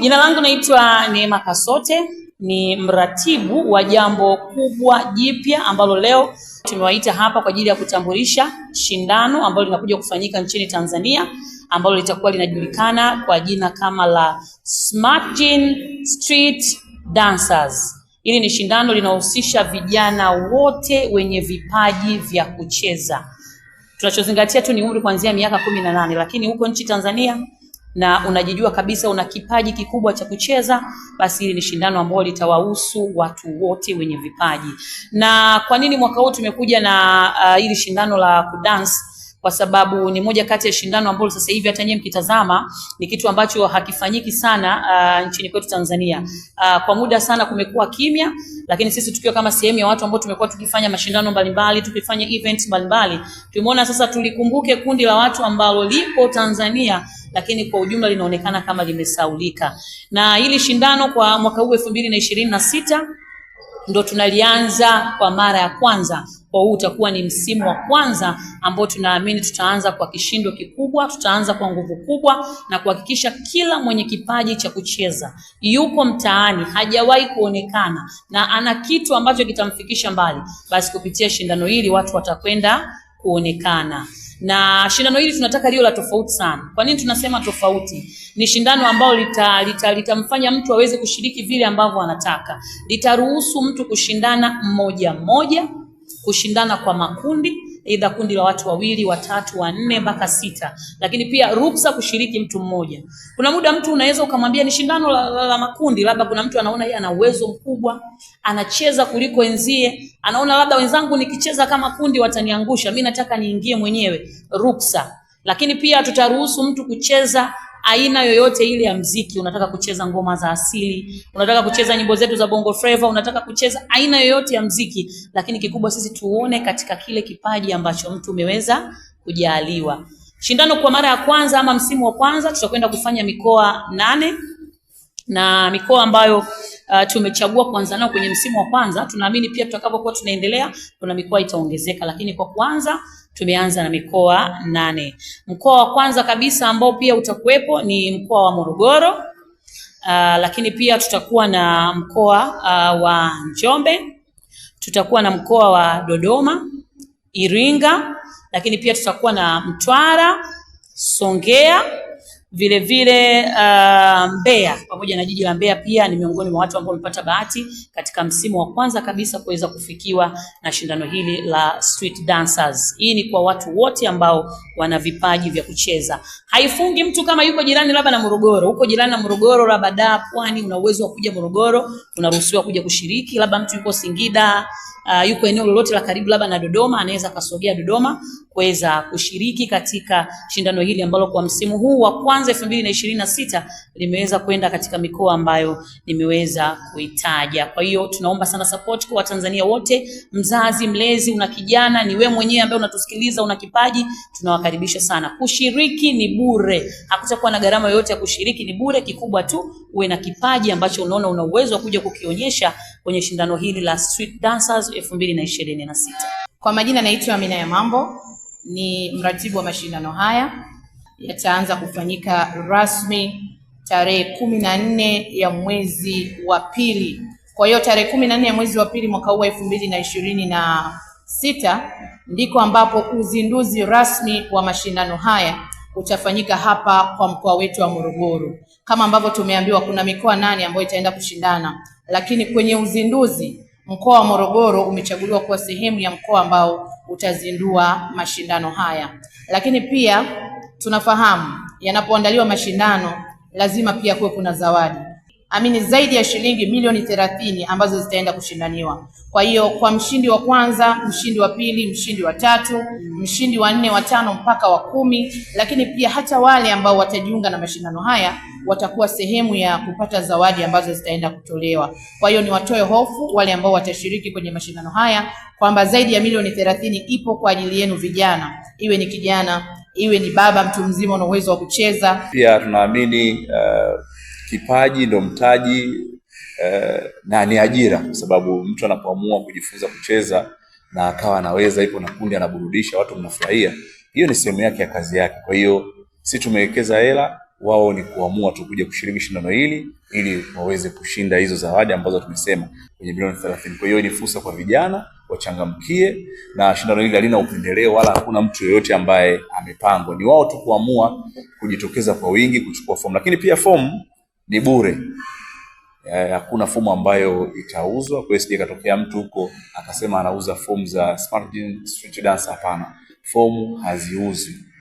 Jina langu naitwa Neema Kasote, ni mratibu wa jambo kubwa jipya ambalo leo tumewaita hapa kwa ajili ya kutambulisha shindano ambalo linakuja kufanyika nchini Tanzania ambalo litakuwa linajulikana kwa jina kama la Smartgin Street Dancers. Hili ni shindano linahusisha vijana wote wenye vipaji vya kucheza. Tunachozingatia tu ni umri kuanzia miaka kumi na nane, lakini huko nchi Tanzania na unajijua kabisa una kipaji kikubwa cha kucheza, basi hili ni shindano ambalo litawahusu watu wote wenye vipaji. Na kwa nini mwaka huu tumekuja na uh, hili shindano la kudance? kwa sababu ni moja kati ya shindano ambalo sasa hivi hata nyinyi mkitazama ni kitu ambacho hakifanyiki sana uh, nchini kwetu Tanzania. Uh, kwa muda sana kumekuwa kimya, lakini sisi tukiwa kama sehemu ya watu ambao tumekuwa tukifanya mashindano mbalimbali, tukifanya events mbalimbali, tumeona sasa tulikumbuke kundi la watu ambalo lipo Tanzania lakini kwa ujumla linaonekana kama limesaulika. Na hili shindano kwa mwaka huu elfu mbili na ishirini na sita ndo tunalianza kwa mara ya kwanza. Kwa huu utakuwa ni msimu wa kwanza ambao tunaamini tutaanza kwa kishindo kikubwa, tutaanza kwa nguvu kubwa na kuhakikisha kila mwenye kipaji cha kucheza yuko mtaani, hajawahi kuonekana na ana kitu ambacho kitamfikisha mbali, basi kupitia shindano hili watu watakwenda kuonekana. Na shindano hili tunataka liwe la tofauti sana. Kwa nini tunasema tofauti? Ni shindano ambalo litamfanya lita, lita mtu aweze kushiriki vile ambavyo anataka, litaruhusu mtu kushindana mmoja mmoja, kushindana kwa makundi aidha kundi la watu wawili, watatu, wanne mpaka sita, lakini pia ruksa kushiriki mtu mmoja. Kuna muda mtu unaweza ukamwambia ni shindano la, la, la makundi, labda kuna mtu anaona yeye ana uwezo mkubwa, anacheza kuliko wenzie, anaona labda wenzangu nikicheza kama kundi wataniangusha, mi nataka niingie mwenyewe, ruksa. Lakini pia tutaruhusu mtu kucheza aina yoyote ile ya mziki, unataka kucheza ngoma za asili, unataka kucheza nyimbo zetu za Bongo Flava, unataka kucheza aina yoyote ya mziki, lakini kikubwa sisi tuone katika kile kipaji ambacho mtu umeweza kujaliwa Shindano kwa mara ya kwanza ama msimu wa kwanza tutakwenda kufanya mikoa nane na mikoa ambayo uh, tumechagua kuanza nao kwenye msimu wa kwanza, tunaamini pia tutakapokuwa tunaendelea, kuna mikoa itaongezeka, lakini kwa kwanza Tumeanza na mikoa nane. Mkoa wa kwanza kabisa ambao pia utakuwepo ni mkoa wa Morogoro. Uh, lakini pia tutakuwa na mkoa uh, wa Njombe, tutakuwa na mkoa wa Dodoma, Iringa, lakini pia tutakuwa na Mtwara, Songea vile vile uh, Mbeya pamoja na jiji la Mbeya pia ni miongoni mwa watu ambao wamepata bahati katika msimu wa kwanza kabisa kuweza kufikiwa na shindano hili la street dancers. Hii ni kwa watu wote ambao wana vipaji vya kucheza. Haifungi mtu kama yuko jirani labda na Morogoro, uko jirani na Morogoro, labda Pwani, una uwezo wa kuja Morogoro, unaruhusiwa kuja kushiriki. Labda mtu yuko Singida uh, yuko eneo lolote la karibu labda na Dodoma, anaweza akasogea Dodoma kuweza kushiriki katika shindano hili ambalo kwa msimu huu wa kwanza elfu mbili na ishirini na sita limeweza kwenda katika mikoa ambayo nimeweza kuitaja. Kwa hiyo tunaomba sana support kwa Watanzania wote. Mzazi mlezi, una kijana, ni wewe mwenyewe ambaye unatusikiliza, una kipaji, tunawakaribisha sana. Kushiriki ni bure, hakutakuwa na gharama yoyote ya kushiriki, ni bure. Kikubwa tu uwe na kipaji ambacho unaona una uwezo wa kuja kukionyesha kwenye shindano hili la Street Dancers 2026. Kwa majina naitwa Amina ya Mambo, ni mratibu wa mashindano haya. Yataanza kufanyika rasmi tarehe kumi na nne ya mwezi wa pili. Kwa hiyo tarehe kumi na nne ya mwezi wa pili mwaka huu wa elfu mbili na ishirini na sita ndiko ambapo uzinduzi rasmi wa mashindano haya utafanyika hapa kwa mkoa wetu wa Morogoro. Kama ambavyo tumeambiwa kuna mikoa nane ambayo itaenda kushindana, lakini kwenye uzinduzi mkoa wa Morogoro umechaguliwa kuwa sehemu ya mkoa ambao utazindua mashindano haya. Lakini pia tunafahamu yanapoandaliwa mashindano lazima pia kuwe kuna zawadi amini zaidi ya shilingi milioni thelathini ambazo zitaenda kushindaniwa. Kwa hiyo kwa mshindi wa kwanza, mshindi wa pili, mshindi wa tatu, mshindi wa nne, wa tano mpaka wa kumi, lakini pia hata wale ambao watajiunga na mashindano haya watakuwa sehemu ya kupata zawadi ambazo zitaenda kutolewa. Kwa hiyo niwatoe hofu wale ambao watashiriki kwenye mashindano haya kwamba zaidi ya milioni thelathini ipo kwa ajili yenu vijana, iwe ni kijana, iwe ni baba, mtu mzima una uwezo wa kucheza. Pia tunaamini uh kipaji ndo mtaji eh, na ni ajira, kwa sababu mtu anapoamua kujifunza kucheza na akawa anaweza, ipo na kundi, anaburudisha watu, mnafurahia, hiyo ni sehemu yake ya kazi yake. Kwa hiyo si tumewekeza hela, wao ni kuamua tu kuja kushiriki shindano hili ili waweze kushinda hizo zawadi ambazo tumesema kwenye milioni 30. Kwa hiyo ni fursa kwa vijana wachangamkie, na shindano hili halina upendeleo wala hakuna mtu yeyote ambaye amepangwa, ni wao tu kuamua kujitokeza kwa wingi kuchukua fomu, lakini pia fomu ni bure, hakuna fomu ambayo itauzwa. Kwa hiyo ikatokea mtu huko akasema anauza fomu za Smart dance Hapana, fomu haziuzwi.